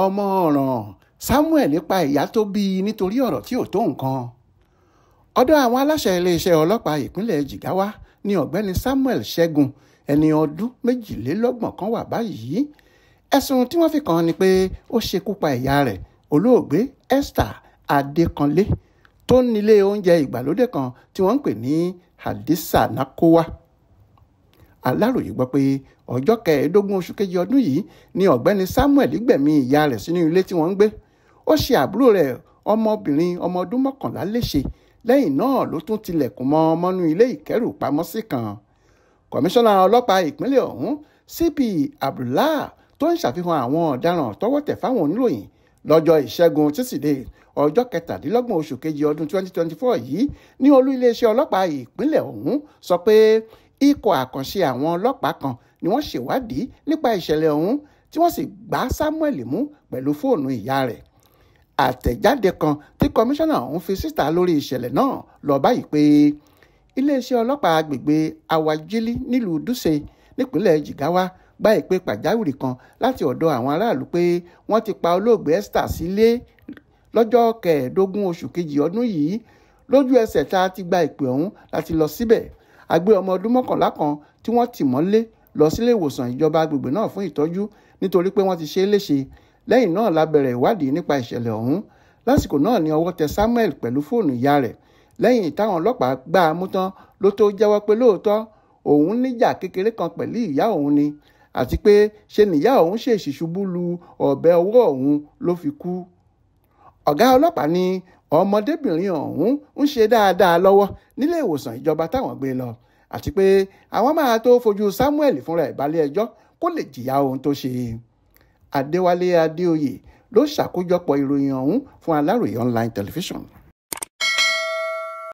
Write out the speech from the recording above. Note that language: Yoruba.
ọmọ ọ̀ràn Samuel pa ìyá tó bí i nítorí ọ̀rọ̀ tí ò tó nǹkan ọ̀dọ̀ àwọn aláṣẹ iléeṣẹ́ ọlọ́pàá ìpínlẹ̀ Jigawa ni ọ̀gbẹ́ni Samuel Ṣẹ́gun ẹni ọdún méjìlélọ́gbọ̀n kan wà báyìí ẹ̀sùn tí wọ́n fi kàn án ni pé ó ṣekú pa ìyá rẹ̀ olóògbé Esther Adékanlé tó nílé oúnjẹ ìgbàlódé kan tí wọ́n ń pè ní Hadisa Nakowa aláròye gbọ́ pé ọjọ́ kẹẹ̀ẹ́dógún oṣù kejì ọdún yìí ni ọ̀gbẹ́ni samuel gbẹ̀mí ìyá rẹ̀ sínú ilé tí wọ́n ń gbé ó ṣe àbúrò rẹ̀ ọmọbìnrin ọmọ ọdún mọ́kànlá léṣe lẹ́yìn náà ló tún tilẹ̀kùn mọ́ ọmọnú ilé ìkẹ́rù pamọ́sí kan kọmíṣánná ọlọ́pàá ìpínlẹ̀ ọ̀hún cp abdullah tó ń ṣàfihàn àwọn ọ̀daràn tọwọ́ tẹ̀ fáwọn oníròyìn lọ́jọ́ ìṣẹ́gun tíṣídẹ̀ẹ́ ọjọ́ kẹtàdínlọ́gbọ̀n oṣù kejì ọdún 2024 yìí ní olú iléeṣẹ́ ọlọ́pàá ìpínlẹ̀ ọ̀hún sọ pé ikọ̀ àkànṣe àwọn ọlọ́pàá kan ni wọ́n ṣèwádìí nípa ìṣẹ̀lẹ̀ ọ̀hún tí wọ́n sì gbá Samuel mú pẹ̀lú fóònù ìyá rẹ̀ àtẹ̀jáde kan tí kọmíṣánná ọ̀hún fi síta lórí ìṣẹ̀lẹ̀ náà lọ báyìí pé iléeṣẹ́ ọlọ́pàá agbègbè awajili nílùú dutse nípínlẹ̀ jigawa gba ìpè pàjáwìrì kan láti ọ̀dọ̀ àwọn aráàlú pé wọ́n ti pa olóògbé Esther sílé lọ́jọ́ kẹẹ̀ẹ́dógún oṣù kejì ọdún yìí lójú ẹsẹ̀ tá a ti gba ìpè ọ̀hún láti lọ síbẹ̀ a gbé ọmọ ọdún mọ́kànlá kan tí wọ́n tì mọ́lé lọ sílé ìwòsàn ìjọba agbègbè náà fún ìtọ́jú nítorí pé wọ́n ti ṣe é léṣe lẹ́yìn náà la bẹ̀rẹ̀ ìwádìí nípa ìṣẹ̀lẹ̀ ọ̀hún lásìkò náà ni ọwọ́ tẹ Samuel pẹ̀lú fóònù ìyá rẹ̀ lẹ́yìn táwọn ọlọ́pàá gbá a mú tán ló tó jẹ́wọ́ pé lóòótọ́ òun níjà kékeré kan pẹ̀lú ìyá òun ni àti pé ṣe nìyá òun ṣèṣì ṣubú lu ọ̀bẹ ọwọ́ òun ló fi kú ọ̀gá ọlọ́pàá ní ọmọdébìnrin ọ̀hún ń ṣe dáadáa lọ́wọ́ nílé ìwòsàn ìjọba táwọn gbé lọ àti pé àwọn máa tó fojú Samuel fúnra ẹ̀ balẹ̀-ẹjọ́ kó lè jìyà ohun tó ṣe Adéwálé Adéoyè ló ṣàkójọpọ̀ ìròyìn ọ̀hún fún Aláròyé online television.